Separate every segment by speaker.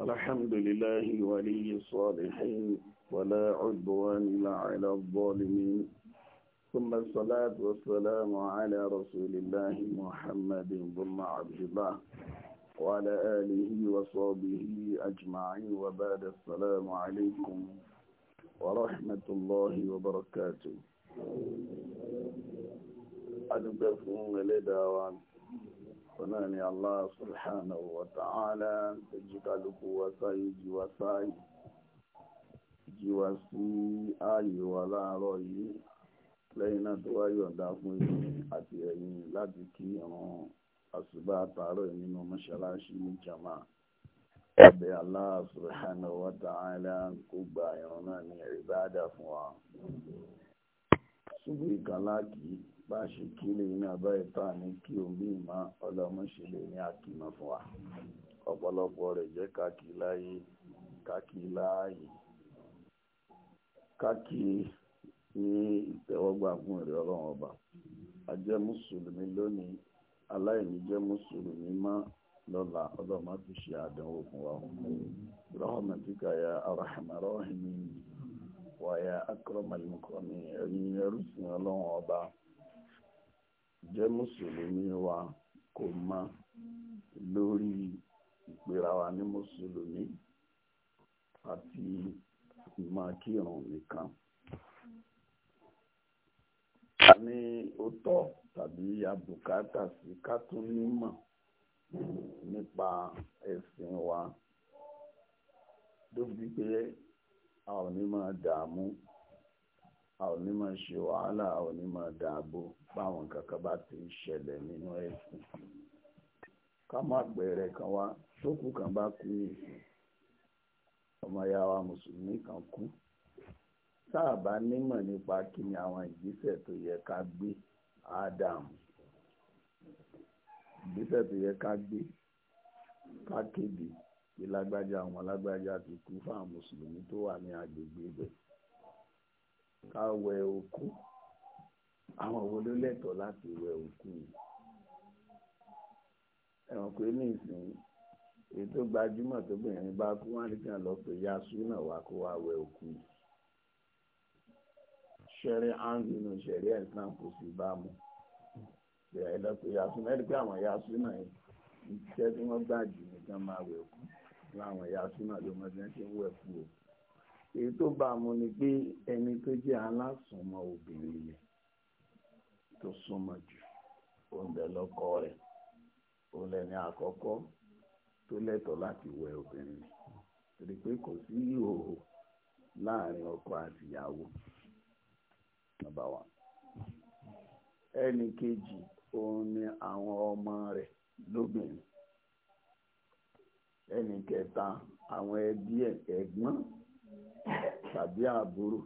Speaker 1: الحمد لله ولي الصالحين ولا عدوان إلا على الظالمين ثم الصلاة والسلام على رسول الله محمد ضم عبد الله وعلى آله وصحبه أجمعين وبعد السلام عليكم ورحمة الله وبركاته أدبكم لدعوان náà ni Allah subhanahu wa ta'ala tó jí kálukú wa sáyé jí wa sáyé jí wa sí ààyè wa láàárọ̀ yìí lẹ́yìn náà tó wá yọ̀ǹda fún yìí àti ẹ̀yin láti kí àwọn àṣùbà àtàárọ̀ nínú mọ́ṣáláṣí ní jama ẹ̀bẹ̀ Allah subhanahu wa ta'ala kó gba ìran náà ní ẹ̀rí bá dà fún wa ṣùgbọ́n ìkànnà kìí bá a ṣe kí lè ní a ní kí omi ìmọ̀ ọlọ́mọṣe lè ní àkìmọ̀ fún wa ọ̀pọ̀lọpọ̀ rẹ̀ jẹ́ káàkì láàyè ní ìtẹ́wọ́gbà fún ìrẹ́ ọlọ́run ọba a mùsùlùmí lónìí aláìní jẹ́ mùsùlùmí mọ́ lọ́la ọlọ́mọ ti ṣe àdánwò fún ya arhamar ẹrú jẹ́ mùsùlùmí wa kò mọ́ lórí ìpera wa ní mùsùlùmí àti ìmọ̀ kírun nìkan. a ní ó tọ́ tàbí abùkátà sí ká tún nímọ̀ nípa ẹ̀sìn wa ló fi pé a ò ní máa dààmú a ò ní máa ṣe wàhálà a ò ní máa dààbò báwọn kankan bá ti ń ṣẹlẹ̀ nínú ẹ̀sìn ká má gbẹ̀rẹ̀ kan wá tókù kan bá kú ní ìsìn ọmọ ya wa mùsùlùmí kan kú sáàbà nímọ̀ nípa kí ni àwọn ìgbésẹ̀ tó yẹ ká gbé Adam ìgbésẹ̀ tó yẹ ká gbé ká kéde pé lágbájá àwọn lágbájá ti kú fáwọn mùsùlùmí tó wà ní agbègbè ibẹ̀ ká wẹ òkú àwọn wo ló lẹ́tọ̀ọ́ láti wẹ òkú yìí ẹ̀wọ̀n pé ní ìsìn èyí tó gbajúmọ̀ tó bìnrin bá kú wọn nìkan lọ pé yasu náà wá kó wá wẹ òkú yìí ṣẹ̀rí áńgì nù ṣẹ̀rí ẹ̀sán kò sì bá mu bẹ̀rẹ̀ lọ́pọ̀ yasu mẹ́rin pé àwọn yasu náà iṣẹ́ tí wọ́n gbà jù nìkan máa wẹ̀ òkú láwọn yasu náà ló mọ̀ bí wọ́n ṣe ń kú o. ètò tó bá mu ni pé ẹni tó jẹ́ alásùnmọ́ obìnrin yẹn tó súnmọ́ jù oúnjẹ lọ́kọ rẹ̀ lẹ́ni àkọ́kọ́ tó lẹ́tọ̀ láti wẹ obìnrin torí pé kò sí ìhòòhò láàrin ọkọ àti ìyàwó wa Ẹni kejì àwọn ọmọ rẹ lóbìnrin kẹta àwọn ẹbí tàbí àbúrò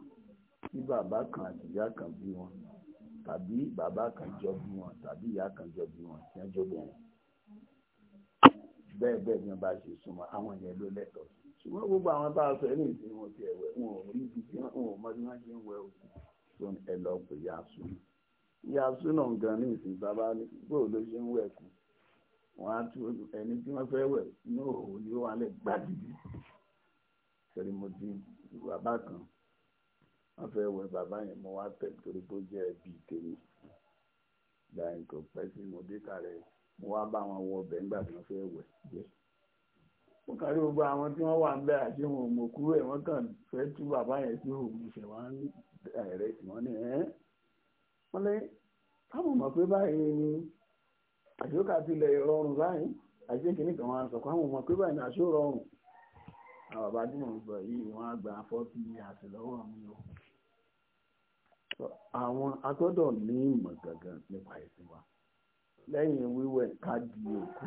Speaker 1: tí bàbá kan àti ìyá kan bí wọn tàbí bàbá kan jọ bí wọn tàbí ìyá kan jọ bí wọn tí wọn jọ bẹ̀rẹ̀ bẹ́ẹ̀ bẹ́ẹ̀ ni wọ́n bá ṣe súnmọ́ àwọn yẹn ló lẹ́tọ̀ọ́ ṣùgbọ́n gbogbo àwọn bá a sọ ẹni ìsìn wọn ti ẹ̀wẹ̀ wọn ò rí ibi tí wọn ò mọ bí wọ́n ṣe ń wẹ òkú tó ẹ lọ pè ya súnà ya súnà gan ní ìsìn bàbá bó ló ṣe ń wẹ̀ kú wọn á tún ẹni tí wọ́n fẹ́ wẹ̀ ní òòrùn ni ó gbàdìdì torí mo di bàbá kan wọ́n fẹ́ wẹ bàbá yẹn mo wá tẹ̀ torí bó jẹ́ ẹbí tèmi gbàyìn kò pẹ́ sí mo dé kàrẹ́ mo wá bá wọn wọ ọbẹ̀ nígbà tí wọ́n fẹ́ wẹ̀ jẹ́ mo kàrí gbogbo àwọn tí wọ́n wà ń bẹ́ àti wọn ò mọ̀ kúrò ẹ̀ wọ́n kàn fẹ́ tú bàbá yẹn sí òun ìfẹ́ wọn rẹ̀ sí wọn ní ẹ́ wọ́n lé káwọn mọ̀ pé báyìí ni àṣókà tilẹ̀ rọrùn báyìí àṣekìnnìkan wọn sọ káwọn mọ̀ pé báyìí ni àṣó rọrùn àwọn bàbá tí mò ń gbọ́ yìí wọ́n á gba fọ́tí àtìlọ́wọ́ mi o àwọn agbọ́dọ̀ ní ìmọ̀ gangan nípa ẹ̀sìn wa lẹ́yìn wíwẹ̀ ká di òkú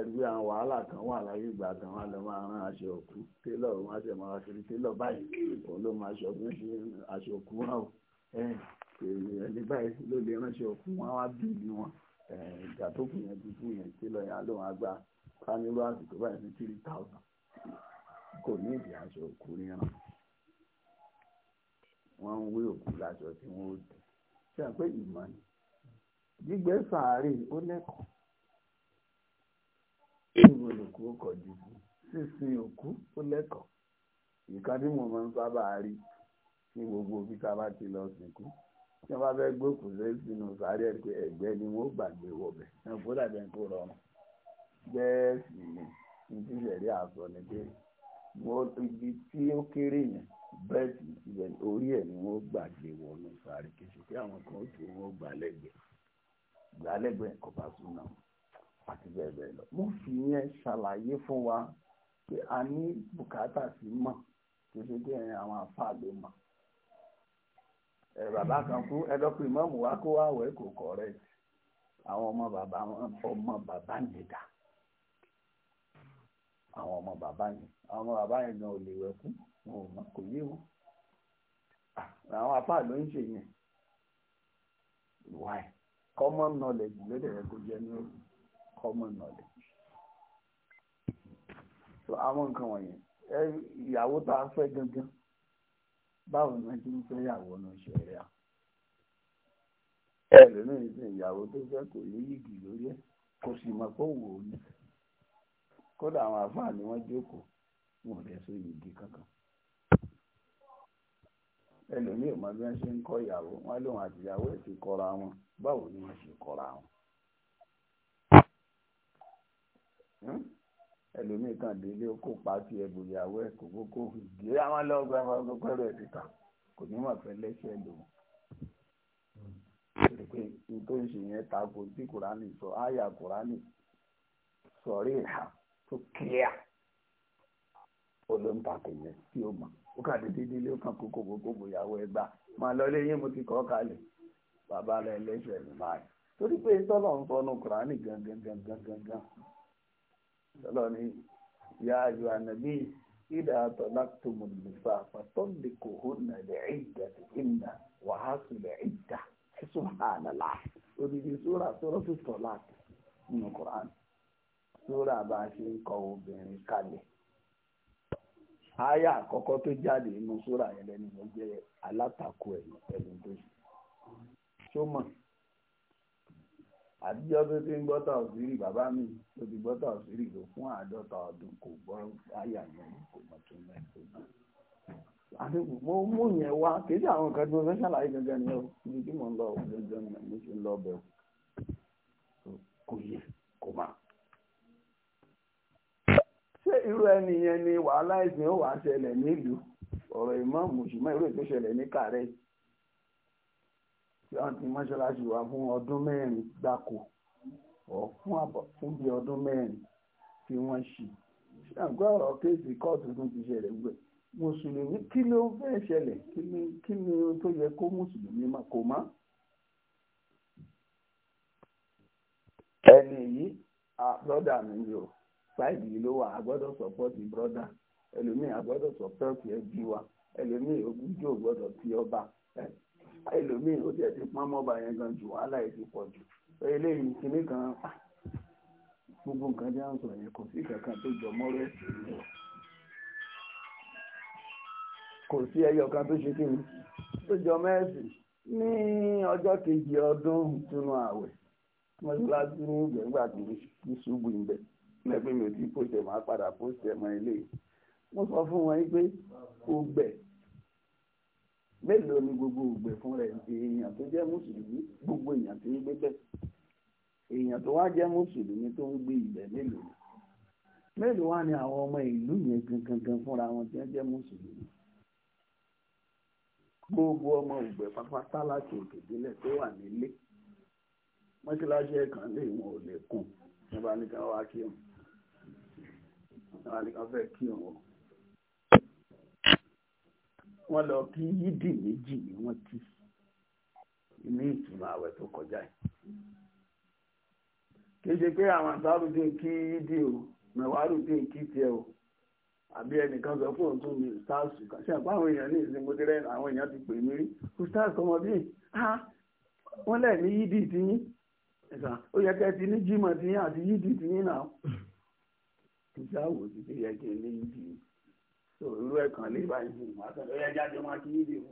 Speaker 1: ẹgbẹ́ àwọn wàhálà kan wà láyé ìgbà kan wà lọ máa rán aṣọ òkú télọ̀ wọn ṣe máa kiri télọ̀ báyìí òun ló máa ṣe ọdún ṣe aṣọ òkú wọn o ẹni báyìí ló lè ránṣẹ́ òkú wọn wá bíìlì wọn ìgbà tó kù yẹn ti kú yẹn télọ̀ yẹn ló máa gba ká nílò àsìkò báyìí sí three thousand kò ní ìdí aṣọ òkú ríran wọ́n ń wé òkú láṣọ tí wọ́n ó dùn ṣe pé ìmọ̀ ni gbígbé sàárè ó lẹ́kọ̀ọ́ ìwò lòkú ó kọjú sí sísin òkú ó lẹ́kọ̀ọ́ ìkan tí mo máa ń sábà rí ní gbogbo bí ká bá ti lọ sìnkú tí wọ́n bá fẹ́ gbókù sínú sàárè pé ẹ̀gbẹ́ ni wọ́n gbàgbé wọ̀bẹ̀ náà kó kó rọrùn bẹ́ẹ̀ sì ni ibi ìṣẹ̀rí àṣọ ni pé ibi tí ó kéré yẹn bẹ́ẹ̀tì ibẹ̀ orí ẹ̀ ni wọ́n gbà gbé wọnú sáré kìí ṣe àwọn kan ó tún wọ́n gbà lẹ́gbẹ̀ẹ́ gbà lẹ́gbẹ̀ẹ́ kò bá tún náà àti bẹ́ẹ̀ bẹ́ẹ̀ lọ. mo fi yẹn ṣàlàyé fún wa pé a ní bùkátà sí mọ̀ kí ṣe pé àwọn àfáà ló mọ̀ ẹ bàbá kan kú ẹ lọ́pọ̀ ìmọ̀ọ́mù wa kó wá wẹ̀ kò kọ̀rẹ́ẹ̀tì àwọn ọmọ bàbá ọmọ bàbá nìyẹn dáa àwọn ọmọ bàbá yẹn àwọn ọmọ bàbá yẹn gan ò lè wẹ̀kú wọn ò mọ̀ kò yé wọn ah, àwọn apá ló ń ṣe yẹn why common knowledge lédè rẹ kò jẹ ní common knowledge so àwọn nǹkan wọ̀nyẹn ìyàwó tá a fẹ́ gangan báwo ni wọ́n ti ń fẹ́ ìyàwó náà ṣe rẹ̀ à ẹlòmíràn ti ìyàwó tó fẹ́ kò yé yìgì lórí ẹ̀ kò sì mọ̀ pé òun ò ní kódà àwọn àfáà ni wọ́n jókòó wọn ò dẹ̀sọ yìí kankan ẹlòmíì ò mọ bí wọ́n ṣe ń kọ́ ìyàwó wọn lóun àtìyàwó ẹ̀ ti kọ́ra wọn báwo ni wọ́n ṣe kọ́ra wọn. Hmm? ẹlòmíì kan délé ó kó pàtí ẹgbẹ́ ìyàwó ẹ̀ kò kókó ìdílé àwọn lọ́gbà pẹ́rẹ́ ẹ̀ títà kò ní mọ̀ fẹ́ lẹ́sẹ̀ lòun. pé n tó ń ṣe yẹn tí kùránì sọ áyà kùránì ìhà. tó clear olóńtàkùn yẹn tí ó mọ̀ ó kà dédé délé ó kàn kókó gbogbo ìyàwó ẹgbà máa lọ léyìn mo ti kọ́ kalẹ̀ bàbá rẹ lẹ́sẹ̀ báyìí torí pé tọ́lọ̀ ń fọnú kùránì gangan gangan gangan tọ́lọ̀ ní ya ayọ̀ ànàbí ìdá àtọ̀láktòmù lè ìdá lè ìdá sóra sọ́rọ́ nínú kùránì. sóra bá a ṣe ń kọ obìnrin kalẹ̀ aya àkọ́kọ́ tó jáde nínú sóra yẹn lẹ́nu mo jẹ́ alátakò ẹ̀yìn pẹ̀lú tó ṣe sómọ̀ àtijọ́ tó ti ń gbọ́tà òsírì bàbá mi tó ti gbọ́tà òsírì ló fún àádọ́ta ọdún kò gbọ́ aya yẹn kò mọ̀ tó mẹ́rin tó àti mo mú yẹn wá kéde àwọn nǹkan tí mo fẹ́ ṣàlàyé gangan ni ó ní bí mo ń lọ gangan ni ṣe ń lọ bẹ̀rù kò yẹ kò máa ṣé irú ẹni yẹn ni wàhálà ìsìn ó wà á ṣẹlẹ̀ nílùú ọ̀rọ̀ ìmọ̀ mùsùlùmọ́ ìró ètò ṣẹlẹ̀ ní kàrẹ́ tí wọ́n ti mọ́ṣáláṣí wa fún ọdún mẹ́rin gbáko fún àbọ̀ fún bí ọdún mẹ́rin tí wọ́n ṣì ṣàǹgbọ́ ọ̀rọ̀ kéèsì kóòtù tún ti ṣẹlẹ̀ gbẹ̀ mùsùlùmí kí ló ń fẹ́ ṣẹlẹ̀ kí ni ohun tó yẹ kó mùsùlùmí kò mọ́. ẹni yìí àbúrọ́dà mi ni sáìdì yìí ló wà a gbọ́dọ̀ sọ́pọ́ọ̀tì brọ́dà ẹlòmíì a gbọ́dọ̀ sọ́pọ́ọ̀tì ẹbí wa ẹlòmíì ogúnjọ́ gbọ́dọ̀ ti ọba ẹlòmíì ó tiẹ̀ ti pọ́n mọ́ba yẹn gan jù wàhálà yìí ti pọ̀ jù eléyìí kìíní kan gbogbo nǹkan jẹ́ àwọn sọ̀rọ̀ yẹn kò sí kankan tó jọ mọ́rọ́ ẹ̀sìn rẹ̀ kò sí ẹyọ kan tó ṣe kí ni tó jọ mẹ́sì ní ọjọ́ kejì ọdún túnú ààwẹ̀ mọ́ṣáláṣí ní ìgbẹ́ngbà kìí ṣubú ìgbẹ́ lẹ́gbẹ́ mi ò tí post ẹ̀ máa padà post ẹ̀ mọ́ ilé mo sọ fún wọn pé ògbẹ̀ mélòó ni gbogbo ògbẹ̀ fún rẹ̀ èèyàn tó jẹ́ mùsùlùmí gbogbo èèyàn tó ń gbé bẹ́ẹ̀ èèyàn tó wá jẹ́ mùsùlùmí tó ń gbé ibẹ̀ mélòó mélòó wá ni àwọn ọmọ ìlú yẹn gangan fúnra wọn tí wọ́n jẹ́ mùsùlùmí gbogbo ọmọ ògbẹ pápátá láti òkè délẹ̀ tó wà nílé mọ́ṣáláṣí ẹ̀kan lè wọn ò lè kùn nígbà nìkan wá kí wọn. afẹ́ kí wọn. wọ́n lọ kí yídì méjì ni wọ́n kí ní ìtumọ̀ àwẹ̀ tó kọjá yìí. kéde pé àwọn kí yídì o mẹ̀wàárù tí kí tiẹ̀ o àbí ẹnìkan sọ fún òtún mi stars kan àpá àwọn èèyàn ní ìsinmi tẹ́lẹ̀ àwọn èèyàn ti pè mí rí stars kọmọ bíi ní yídì ó yẹ ti ní àti yídì ìjà wò sí pé yẹ kí n lé yídì o tó irú ẹ̀ kan lè báyìí fún wa sọ lọ́yẹ jáde wọn kí yídì o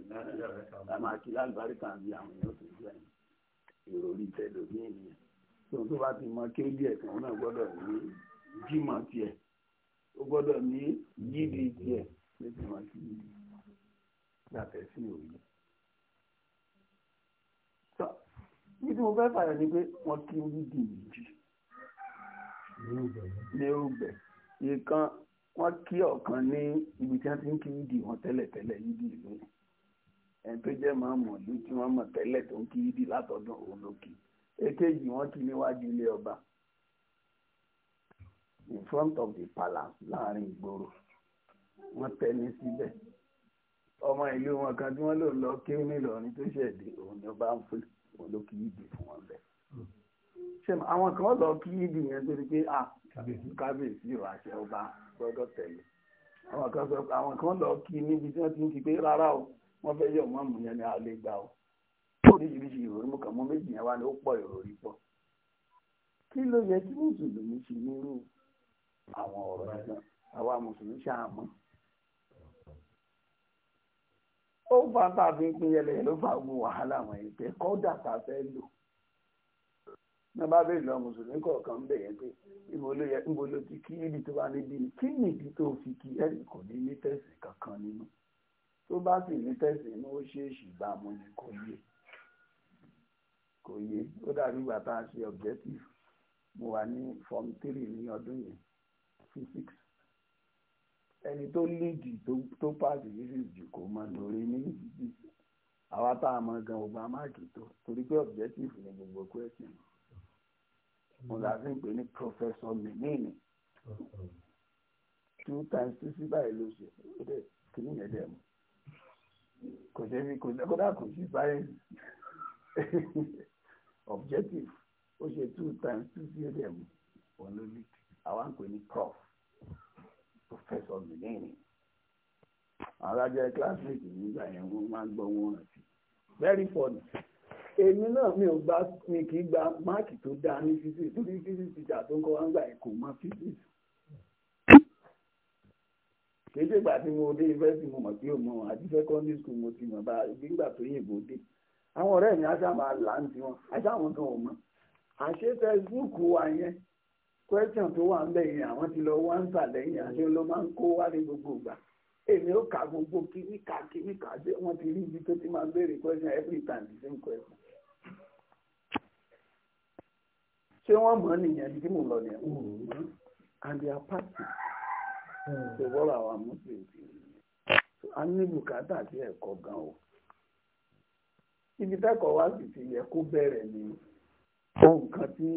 Speaker 1: la máa kí lálùbáríkà bí àwọn èèyàn tó jẹ́ ìròrí tẹ́lẹ̀ ní ènìyàn tó tó bá ti mọ kéde ẹ̀ kan náà gbọ́dọ̀ ní jímọ̀ tiẹ̀ ó gbọ́dọ̀ ní yídì tiẹ̀ nítorí wọn kí yídì gbàtẹ́ sí òye níbi mo fẹ́ fàyọ̀ ni pé wọ́n kí ń méjì ní ògbẹ̀ ìkan wọ́n kí ọkan ní ibi tí wọ́n ti ń kí wọn tẹ́lẹ̀tẹ́lẹ̀ yídì ìlú ẹni tó jẹ́ máa mọ̀ ní tí wọ́n mọ̀ tẹ́lẹ̀ tó ń kí yídì látọ̀dún òun ló èkejì níwájú ilé ọba in front of the palace láàrin ìgboro tẹni ọmọ ìlú wọn kan tí wọ́n lò lọ kí tó ṣẹ̀dẹ̀ òun ni ọba ṣẹ́mi àwọn kan lọ kí ìdì yẹn tó di pé à ah, kábíyèsí ìwà àṣẹ ọba gbọ́dọ̀ tẹ̀lé àwọn kan sọ pé àwọn kan lọ kí níbi tí wọ́n ti ń kí pé rárá o wọ́n fẹ́ yọ̀ mọ́mù yẹn ní alẹ́ gbà o oríṣiríṣi ìròyìn mo kàn mọ́ méjì yẹn wá ní ó pọ̀ ìròyìn pọ̀ kí ló yẹ kí mùsùlùmí ṣe nírú àwọn ọ̀rọ̀ ẹ̀sán àwa mùsùlùmí ṣàmọ́ ó bá bá fi ń pín yẹlẹyẹ ló bá gbọ́ wàhálà àwọn ẹgbẹ́ kọ́dà tá a fẹ́ lò na bá bèèrè lọ mùsùlùmí kọ̀ọ̀kan ń bẹ̀yẹn pé ibo ló yẹ níbo ló ti kí níbi tó bá níbi ni kí nìdí tó fi kí ẹnì kò ní ní tẹ̀sí kankan nínú tó bá sì ní tẹ̀sí inú ó ṣèèṣì bá a mú ni kò yé kò yé ó dàbí ìgbà tá a ṣe objective mo wà ní form three ní ọdún yẹn physics ẹni tó léèdì tó pàṣẹ physics jù kò mọ lórí ní àwa tá a mọ gan ọgbà máàkì tó torí pé objective ni gbogbo question ọ̀làfin pè ní Professor Menini two times two sí báyìí ló ṣe ó dẹ̀ kìíní yẹn dẹ̀ mu kò jẹ́ bí kò dá kò sí sáyẹ́nsì objective ó ṣe two times two sí ẹ̀dẹ̀ mu òun ló lè àwa ń pè ní prof Professor Menini àwọn alájọ classmate nígbà yẹn wọ́n máa ń gbọ́ wọn rántí very funny èmi náà mi ò gbà mi kì í gba máàkì tó dáa ní physics torí physics ìjà tó ń kọ́ wá ń gbà kò mọ physics kéde ìgbà tí mo dé yunifásitì mo mọ̀ pé o mọ̀ àti secondary school mo ti mọ̀ bá gbígbà tó yìnbó dé àwọn ọ̀rẹ́ mi aṣá máa là ń tiwọn aṣá àwọn kan ò mọ̀ àṣé facebook wa yẹn question tó wà ń bẹ̀ yẹn àwọn ti lọ wá ń sàlẹ̀yìn àṣé ló máa ń kó wá ní gbogbo ìgbà èmi ó kà gbogbo kíníkà kíníkà ṣé wọ́n ti rí ibi tó ti máa béèrè question every time the same question ṣé wọn mọ̀ nìyẹn tí mo lọ and their party hmm. muslims a ní bùkátà sí ẹkọ gan o ibi tẹ́kọ̀ọ́ wá sì ti yẹ kó bẹrẹ ní ohun kan tí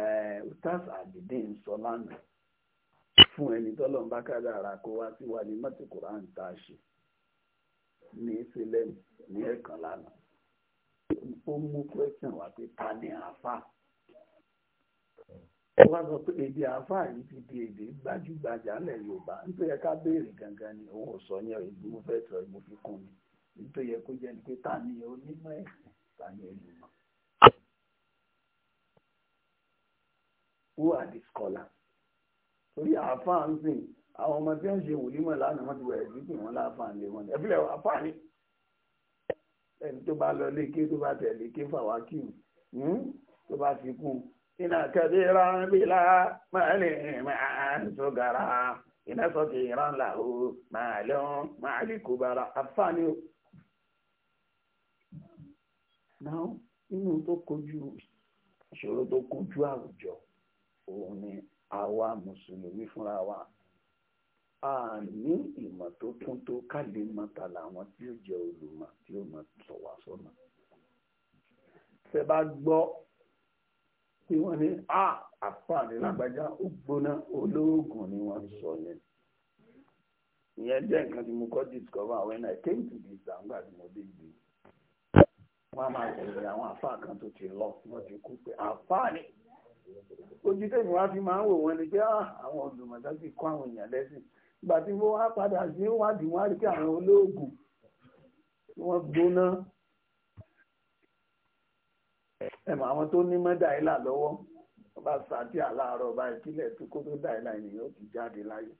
Speaker 1: eh, utas adidi ń sọ lánàá fún ẹni tọ́lọ́n bá kádàrá kó wá sí wa ní ń ṣe ní ó mú question wá pé ta ni àáfà ó wá sọ pé èdè àáfà yìí ti di èdè gbajúgbajà lẹ̀ Yorùbá nítorí ẹ ká béèrè gangan ni òun ò sọ yẹn èdè mo fẹ́ sọ mo fi kún mi nítorí ẹ kó ni pé ta ni onímọ̀ ẹ̀sìn ta ni olùmọ̀. who are the scholars torí àáfà ń sìn àwọn ọmọ tí wọ́n ṣe wòlímọ̀ lánàá wọ́n ti wẹ̀rẹ̀ sí pé wọ́n láǹfààní wọn ẹ̀fílẹ̀ àáfà ni ẹni tó bá lọ léke tó bá tẹ̀ léke fàwákìú hmm? tó bá fi kú iná kẹ́bí ránbílá máa lè máa sọ́gàrà iná sọ́kì ránlá o máa lẹ́wọ̀n máa lè kó bára àfáàní o. náà inú tó kojú ìṣòro tó kojú àwùjọ òun ni àwa mùsùlùmí fúnra wa. a ní ìmọ̀ tó tún tó kálí mọ́ta àwọn tí ó jẹ́ olùmọ̀ tí ó mọ̀ sọ̀wá sọ́nà. ṣe bá gbọ́ tí wọ́n ní a àfààní lágbájá ó gbóná olóògùn ni wọ́n sọ yẹn. ìyẹn jẹ́ nǹkan tí mo kọ́ discover when I came to this zangba tí mo dé ti lọ wọ́n ti kú pé àfààní ojú tẹ̀sán fi máa ń wò wọ́n ni pé àwọn kọ́ àwọn èèyàn lẹ́sìn ìgbà tí mo wá padà sí wádìí wá rí pé àwọn olóògùn wọ́n gbóná ẹ̀mọ̀ àwọn tó ní mọ́ dàílà lọ́wọ́ ọba sàdí àláàárọ̀ ọba ìpínlẹ̀ tó kó tó dàílà ènìyàn ti jáde láyé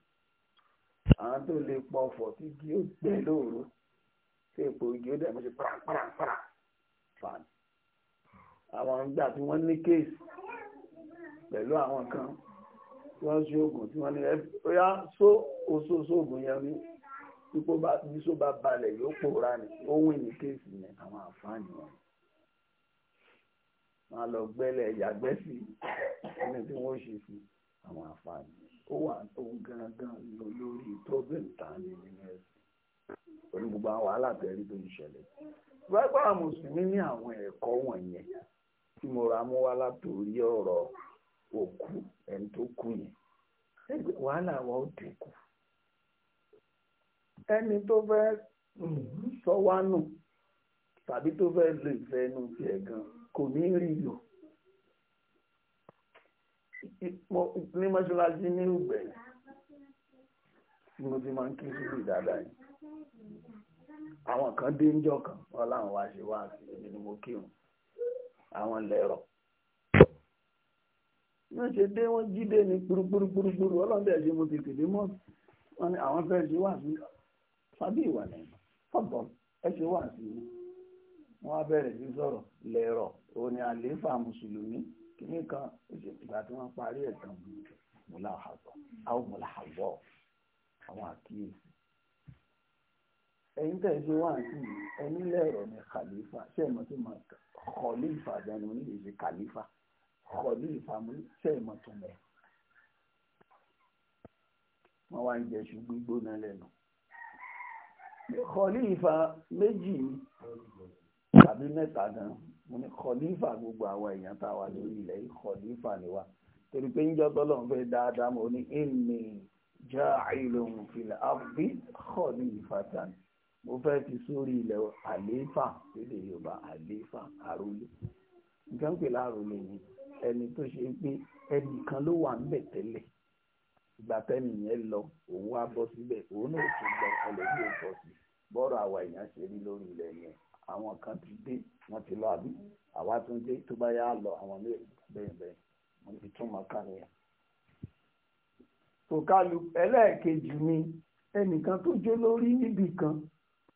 Speaker 1: àwọn tó lè pọ̀ ọ̀fọ̀ tí kí ó gbẹ lóòró tí èpò igi ó dẹ̀mọ́ sí pàràpàràpàrà fàn àwọn ìgbà tí wọ́n ní kéèsì pẹ̀lú àwọn kan tí wọ́n ṣe oògùn tí wọ́n ní ẹ̀yà só oṣooṣo oògùn yẹn ní ipò bá bí só bá balẹ̀ yóò pòórá ni ó wìn ní kéèsì yẹn àwọn àǹfààní wọn wọn lọ gbẹ́lẹ̀ yàgbẹ́ sí ẹni tí wọ́n ṣe sí àwọn àǹfààní ó wà ohun gangan lọ lórí problem tá a nínú ẹ̀sìn pẹ̀lú gbogbo àwọn wàhálà tó ń ṣẹlẹ̀ bàbá mùsùlùmí ní àwọn ẹ̀kọ́ wọ̀nyẹn tí mo ra mú wá látòrí ọ̀rọ̀ Oku ẹni tó kú wàhálà wa dínkù ẹni tó fẹ́ sọ wá tàbí tó fẹ́ lo ẹnu inú tiẹ̀ gan kò ní rí lò ní mọ́ṣáláṣí ní ìgbẹ̀yìn mo ti máa ń kí sílù dáadáa yìí àwọn kan dé ń jọ kan láwọn àwọn lẹ́rọ̀ bí wọ́n ṣe dé wọ́n jí dé ní kúrúkúrúkúrú ọlọ́dẹ ṣe mo tètè dé mọ́ wọn ni àwọn fẹ́ ṣe wà sí sábì ìwà ní fọ́tọ̀ ẹ ṣe wà sí wọn á bẹ̀rẹ̀ sí sọ̀rọ̀ lẹ́rọ̀ òun ni àlééfà mùsùlùmí kìíní kan ìgbà tí wọ́n parí ẹ̀tàn mùlàhàbọ̀ àwọn mùlàhàbọ̀ àwọn àkíyèsí ẹ̀yin tẹ̀ ṣe wà sí ẹni lẹ́rọ̀ ní kàlífà ṣé ẹ̀ mọ̀ tó máa kọ̀lífà jẹun ní kàlífà kọ̀lú ìfàmù ṣe ìmọ̀túnmẹ̀ wọ́n wá ń jẹ ṣù gbígbóná lẹ́nu kọ̀lú ìfà méjì tàbí mẹ́ta gan mo ní kọ̀lú ìfà gbogbo àwọn èèyàn tá a wà lórí ilẹ̀ yìí kọ̀lú ìfà ni wa torí pé níjọ́ tọ́lọ́ ń fẹ́ dáadáa mo ní èmi já ìlòhùn fìlà àbí mo fẹ́ fi sórí ilẹ̀ àlééfà lédè Yorùbá àlééfà àrólé nǹkan pè láàrólé yìí. ẹni tó ṣe pé kan ló wà ńbẹ̀ tẹ́lẹ̀ ìgbà tẹ́ni yẹn lọ òun wá bọ́ síbẹ̀ òun náà tún lọ ẹlẹ́bí ò bọ́ sí bọ́ọ̀rọ̀ àwa èèyàn ṣe rí lórí ilẹ̀ yẹn àwọn kan ti dé wọ́n ti lọ àbí àwa tún dé tó bá yá lọ àwọn ilé bẹ́ẹ̀ bẹ́ẹ̀ wọ́n ti tún tòkálù ẹlẹ́ẹ̀kejì ni ẹnìkan tó jó lórí níbì kan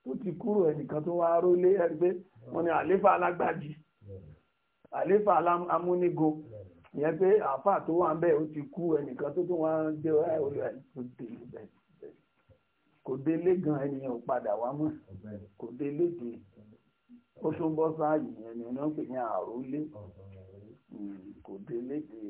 Speaker 1: tó ti kúrò ẹnìkan tó wá rólé ẹgbẹ́ wọn ni àléfà amúnigo ìyẹn pé àáfà tó wà ń bẹ̀ ó ti kú ẹnìkan tó tún wá ń dé ọ̀rẹ́ olùwà kò délé bẹ̀ kò délé gan ènìyàn padà wá mọ́ kò délé dé ó tún bọ́ sáàyè yẹn ni wọ́n pè ní àrólé hmm, kò délé dé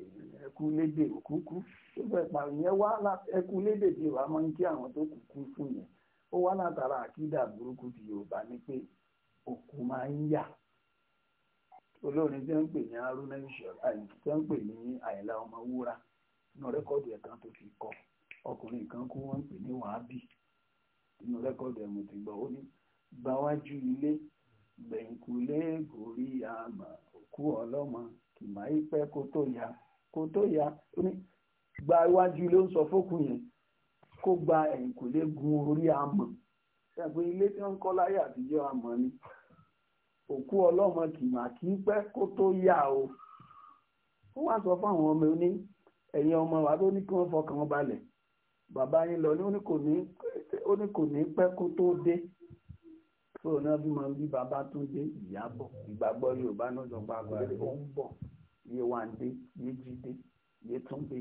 Speaker 1: ẹkú lédè òkúkú tó fẹ́ pa ìyẹn wá ẹkú lédè tí wàá máa ń kí àwọn tó kúkú fún yẹn ó wá látara àkídà burúkú ti Yorùbá ni pé òkú máa ń yà olórin tí wọ́n pè ní arúnà ìṣọ̀lá tí wọ́n pè ní àyìnlá ọmọ wúrà nínú rẹ́kọ̀dù ẹ̀kan tó ti kọ ọkùnrin kan kú wọ́n pè ní wàábì nínú rẹ́kọ̀dù ẹ̀mú ti gbọ́ ó ní gbáwájú ilé gbẹ̀ǹkulé gòrí àmà òkú ọlọ́mọ kìmá ìpẹ́ kó tó ya kó tó ya ó ní gba ilé ó ń sọ fókun yẹn kó gba ẹ̀ǹkulé gun orí àmọ̀ ṣàgbé ilé tí wọ́n ń láyé àtijọ́ àmọ̀ ni òkú ọlọ́mọ kìmà kì í pẹ́ kó tó yà o ó wá sọ fáwọn ọmọ oní ẹ̀yin ọmọ wa ló ní kí wọ́n fọkàn wọn balẹ̀ bàbá yín lọ ní ó ní kò ní pẹ́ kó tó dé tó náà bí mo bí bàbá tún dé ìyàbọ̀ ìgbàgbọ́ yorùbá náà sọ pé àgbàdo ó ń bọ̀ yé wa ń dé yé jí dé yé tún dé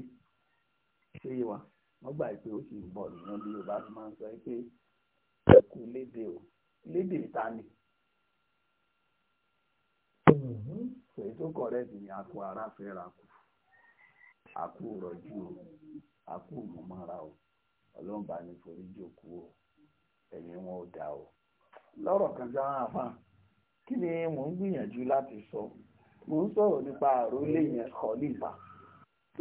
Speaker 1: ṣé yé wa wọ́n gbà pé ó sì ń bọ̀ nìyẹn bí yorùbá ti máa ń sọ pé ẹ̀kú léde o léde ìta ni. Mm-hmm. èyí tó kọ̀rẹ́ẹ̀tì ni àkú ara fẹ́ ra kù àkú rọ̀jú o àkú mọ̀mọ́ra o ọlọ́run bá forí jòkú o ẹ̀yìn wọn ò dá o lọ́rọ̀ kan sáwọn àfà kí ni mò ń gbìyànjú láti sọ mò ń sọ̀rọ̀ nípa àrólé yẹn kọ̀lífà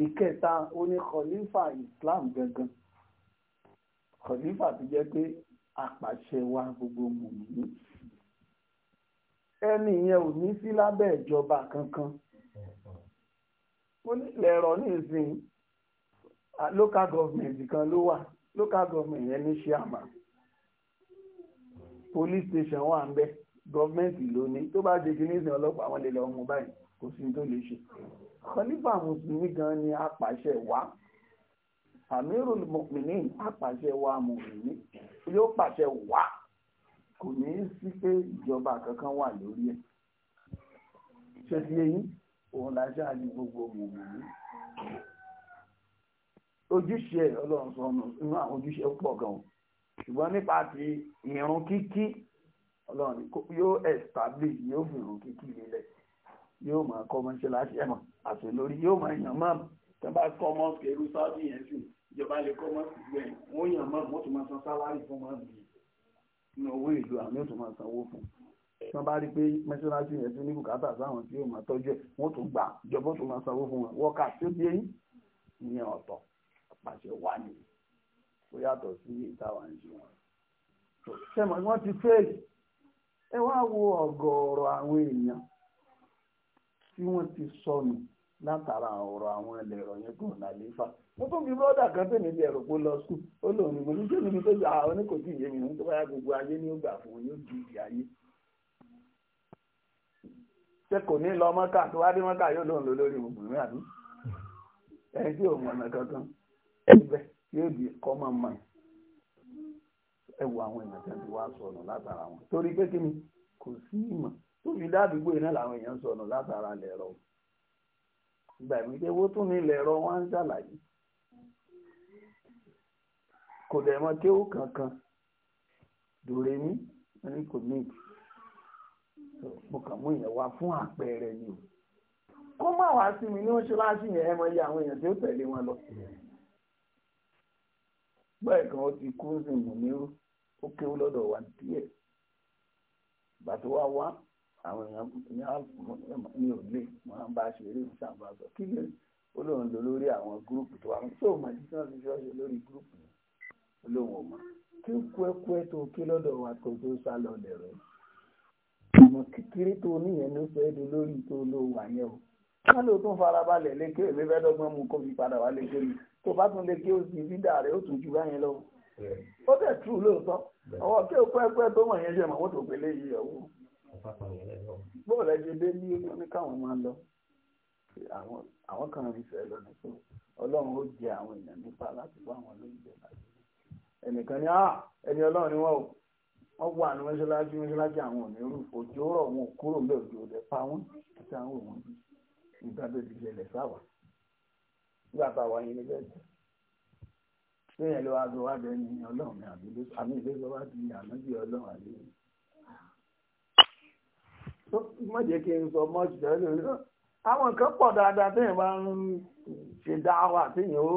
Speaker 1: ìkẹta ó ní kọ̀lífà Islam gangan Khalifa ti jẹ́ pé apàṣẹ wa gbogbo mùmí ẹni yẹn ò ní sí lábẹ́ ìjọba kankan mo nílẹ̀ ẹ̀rọ nísìnyí local government kan ló wà local government yẹn ní ṣíàmà police station wà ń bẹ gọọmenti ló ní tó bá jẹ́ kínní ìsìn ọlọ́pàá wọn lè lọ mú báyìí kò sí tó lè ṣe kọlífà mùsùlùmí gan ni apàṣẹ wa amirul mọ̀mìnì apàṣẹ wa mùsùlùmí yóò pàṣẹ wa kò ní í sí pé ìjọba kankan wà lórí ẹ̀ ṣe ti eyín òun la ṣáájú gbogbo mòmìnì ojúṣe ọlọ́run sọ ọ̀nà inú àwọn ojúṣe pọ̀ gan-an ṣùgbọ́n nípa ti ìrun kíkí ọlọ́run yóò establish yóò fi ìrun kíkí lélẹ̀ yóò máa kọ́ mọ́ṣáláṣí ẹ̀mọ̀ àti lórí yóò máa yàn mọ́ tó bá kọ́ mọ́ kẹrù sáàbì yẹn sùn ìjọba lè kọ́ mọ́ sí ìgbẹ́ wọ́n yàn mọ́ wọ́n tún máa san sálárì fún mọ́ nìyẹn ní owó ìlú àwọn ètò máa sanwó fún tí wọ́n bá rí pé mẹ́sàlásì yẹn tún ní bùkátà sáwọn tí yóò máa tọ́jú ẹ̀ wọ́n tún gbà ìjọba tó máa sanwó fún wọn wọ́ọ̀kà tí ó dé ìyẹn ọ̀tọ̀ àpàṣẹ wà ní ó yàtọ̀ sí ìtawà ń ṣe wọn. sẹ́mọ̀ ni wọ́n ti fẹ́ẹ̀lì ẹ wá wo ọ̀gọ̀ọ̀rọ̀ àwọn èèyàn tí wọ́n ti sọnù látara ọ̀rọ̀ àwọn ẹlẹ́rọ yẹn kò náà léfà mo tó fi bọ́dà kan tó níbi ẹ̀rọ pó lọ skul ó lòun ní gbogbo tó níbi tó yà tí mi nígbà báyà gbogbo ayé ní ó gbà fún un ní di ìdí ayé ṣé kò lọ mọ́kà tó wá dé mọ́kà yóò lòun lò lórí mùsùlùmí àbí ẹni tí ọ̀nà kankan ẹgbẹ́ yóò di ẹ wo àwọn èèyàn ti wá látara wọn torí pé kí ni kò sí ìmọ̀ tó fi kò dẹ̀ mọ kéwú kankan dòrèmí wọn ni kò ní ìdí mo kàn mú ìyẹn wá fún àpẹẹrẹ ni o kó má wá sí mi ní mọ́ṣáláṣí yẹn mọ iye àwọn èèyàn tí ó tẹ̀lé wọn lọ bẹ́ẹ̀ kan ó ti kú sí mùnírù ó kéwú lọ́dọ̀ wa díẹ̀ ìgbà tó wá wá àwọn èèyàn ní òlé wọn bá ṣeré ìṣàǹbà sọ kí ló ń lò lórí àwọn gúrùpù tó wà tó mọ̀ ní sọ́ọ̀sì ṣọ́ọ̀ṣì lórí gúrùpù olóhùn ọmọ kí kúẹkúẹ tó kí lọ́dọ̀ wa tó tó sá lọ dẹ̀rẹ̀ ọmọ kékeré tó níyẹn ló fẹ́ di lórí tó lóhùn àyẹ̀ o ká ló tún farabalẹ̀ lékè èmi fẹ́ dọ́gbọ́n mu kó fi padà wá lékè mi tó bá tún lékè ó sì dídà rẹ̀ ó tún ju báyẹn lọ ó tẹ̀ tù lóòótọ́ ọwọ́ kí o pẹ́pẹ́ tó wọ̀n yẹn ṣe mọ̀ wọ́n tó pé léyìí ọ̀wọ́ bóòlù ẹ̀jẹ̀ dé ní ní káwọn máa lọ àwọn kan rí fẹ́ lọ ní pé ọlọ́run ó jẹ àwọn èèyàn nípa láti bá àwọn olóyìnbó láti ẹnìkan ní ah ẹni ọlọ́run ni wọ́n o wọ́n wà ní mọ́ṣáláṣí mọ́ṣáláṣí àwọn onírú òjò rọ̀ wọn kúrò ńbẹ̀ òjò rẹ̀ pa wọ́n àti àwọn òun bí nígbà tó ti ṣẹlẹ̀ sáwà nígbà tá a wà yín níbẹ̀ tí lẹ́yìn ló wá gbọ́ wá bẹ́ẹ̀ ni ọlọ́run ni àmì ilé sọ wá di ànábì ọlọ́run àlẹ́ yìí. má jẹ́ kí n sọ mọ́ọ̀sì jẹ́ àwọn kan pọ̀ dáadáa téèyàn bá ń ṣe dáhà téèyàn ó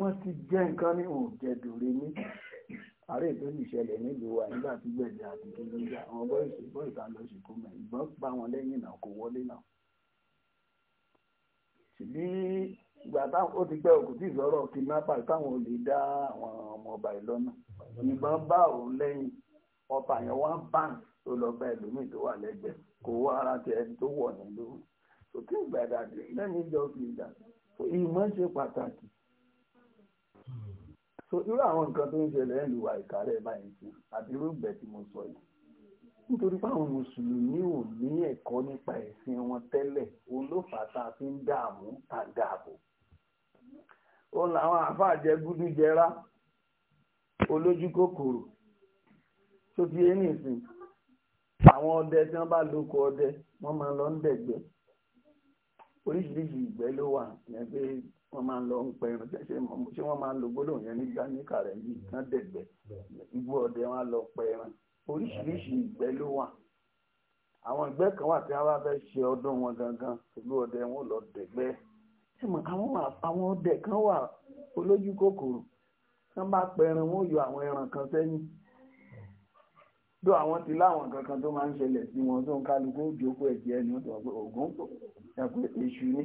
Speaker 1: wọ́n ti jẹ́ nǹkan ní òun jẹ̀dùrẹ́ ní àárẹ̀ tó sì ṣẹlẹ̀ nílùú wa nígbà tí gbẹ̀dẹ̀ àti kìlógà àwọn bọ́ìsì bọ́ìsì àlọ́sì kò mọ̀ ìbọn pa wọn lẹ́yìn náà kò wọlé náà. ṣùgbí ìgbà táwọn ó ti pẹ́ òkú tí ìsọ̀rọ̀ kìnnápà táwọn ò lè dá àwọn ọmọ ọba ìlọ́nà ìbọn bá òun lẹ́yìn ọba yẹn wá bàn tó lọ bá ẹlòmíì tó wà lẹ́gbẹ̀ẹ́ kò wọ ara ti ẹni tó wọ̀ nílùú. òkè ìgbàdàdì lẹ́nu ìjọ kìlìdà ìmọ̀ ṣe pàtàkì so irú àwọn nǹkan tó ń ṣẹlẹ̀ ń lu àìkárẹ̀ báyìí sí àbí irúgbẹ́ tí mo sọ yìí nítorí pé àwọn mùsùlùmí ò ní ẹ̀kọ́ nípa ẹ̀sìn wọn tẹ́lẹ̀ òun ló fà tá a fi ń dààmú tá a dààbò òun làwọn àáfàá jẹ gúdújẹrá olójú kòkòrò tó fi é nìsín àwọn ọdẹ tí wọ́n bá lóko ọdẹ wọ́n máa lọ ń dẹ̀gbẹ́ oríṣiríṣi ìgbẹ́ ló wà yẹn pé wọ́n máa ń lọ ń pẹ irun ṣé wọ́n máa ń lo gbólóhùn yẹn nígbà níkà rẹ̀ yìí kán mm. dẹ̀gbẹ́ igbó ọdẹ wọn á lọ pẹ irun oríṣiríṣi ìgbẹ́ ló wà àwọn ìgbẹ́ kan wà tí wọ́n bá fẹ́ ṣe ọdún wọn gangan igbó ọdẹ wọn ò lọ dẹ̀gbẹ́ ṣùgbọ́n àwọn ọdẹ kan wà olójú kòkòrò tán bá pẹ irun wọn ò yọ àwọn ẹran kan sẹ́yìn tó àwọn ti láwọn kankan tó máa ń ṣẹlẹ̀ sí wọn tó ń kálukú jókòó ẹ̀jẹ̀ ẹni ọ̀dọ̀ ògún ẹ̀kú èṣù ni.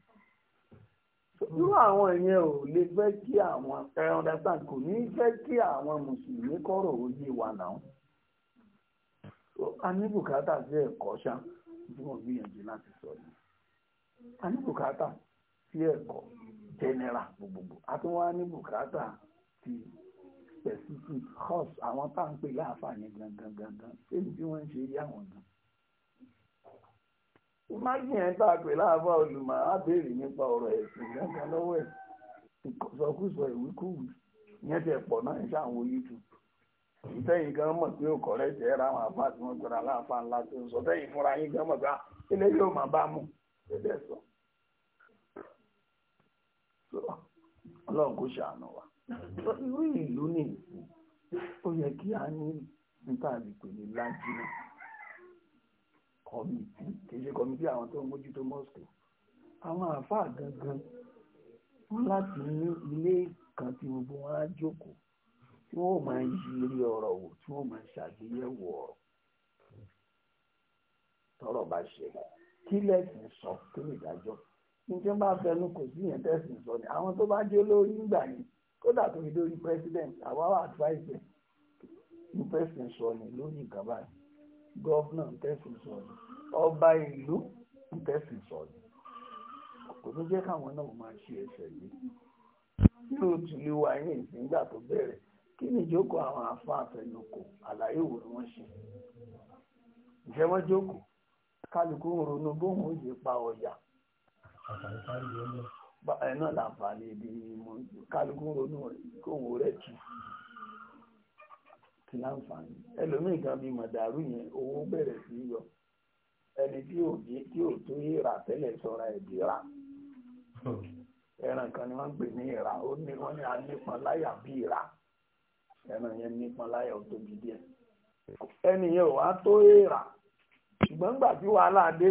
Speaker 1: irú àwọn ìyẹn ò lè fẹ́ kí àwọn ẹ understand kò ní fẹ́ kí àwọn mùsùlùmí kọ̀rọ̀ òye wà náà a ní bùkátà sí ẹ̀kọ́ ṣá tí wọ́n gbìyànjú láti sọ yìí a ní bùkátà sí ẹ̀kọ́ general gbogbogbò a tún wá ní bùkátà ti specific house àwọn tá à ń pè láàfààní gangan gangan ṣé ibi tí wọ́n ń ṣe yá wọn gan Imagine ẹ̀ ń tà pé láàbá olùmọ̀ á béèrè nípa ọ̀rọ̀ ẹ̀sìn lẹ́gbẹ̀ẹ́ lọ́wọ́ ẹ̀. Ìsọkúsọ ìwíkúwì ìyẹn ti pọ̀ náà ń ṣàwọn YouTube. Ìtẹ́yìn gan mọ̀ pé ó kọ̀rẹ́ jẹ́ ra àwọn àfáà tí wọ́n gbọ́dọ̀ aláàfáà ńlá tó ń sọ. Tẹ́yìn fúnra yín gan mọ̀ pé ah, ilé yóò máa bá mú. Bẹ́ẹ̀ sọ. Ọlọ́run kò ṣàánú wa. Irú ìlú nìyí. Ó yẹ kí a ní nípa àlùkò ní lájú náà kọ̀mìtì kì í ṣe kọ̀mìtì àwọn tó ń mójútó mọ́sùkì àwọn àáfàá gangan wọ́n láti ní ilé kan tí gbogbo wọn á jókòó tí wọ́n máa ń yí ilé ọ̀rọ̀ wò tí wọ́n máa ń ṣàgbéyẹ̀wò ọ̀rọ̀ tọ́rọ̀ bá ṣẹlẹ̀ kí lẹ́sìn sọ kí ni ìdájọ́ níjẹ́ bá fẹnu kò sí yẹn tẹ̀sìn sọ ni àwọn tó bá jẹ́ lórí ńgbà yìí kódà tó fi dórí president àwa wà ní president sọ ni lórí ìkàbáyìí Gọvanọ nke tẹ̀sí ọba Ilu ń tẹ̀sí sọ̀rọ̀ ka nwere jẹ́ ma náà máa ṣe ẹsẹ̀ yìí N'otu òtúlé wa ní ìsìngbà tó bẹ̀rẹ̀ ni ìjókòó àwọn àfa àfẹnukò àlàyé wo ni wọ́n ṣe ǹjẹ́ wọ́n jókòó kálukú ń pa ọ̀yà kí láǹfààní ẹlòmíì gan bíi mọ̀dàrú yẹn owó bẹ̀rẹ̀ sí yọ ẹni tí ò tí ò tó yé rà tẹ́lẹ̀ sọ̀rọ̀ ẹ̀dì rà ẹran kan ni wọ́n ń pè ní ìrà ó ní wọ́n ní anípọn láyà bí ìrà ẹran yẹn nípọn láyà ó tóbi díẹ̀ ẹni yẹn ò wá tó ìrà ṣùgbọ́n gbà tàbí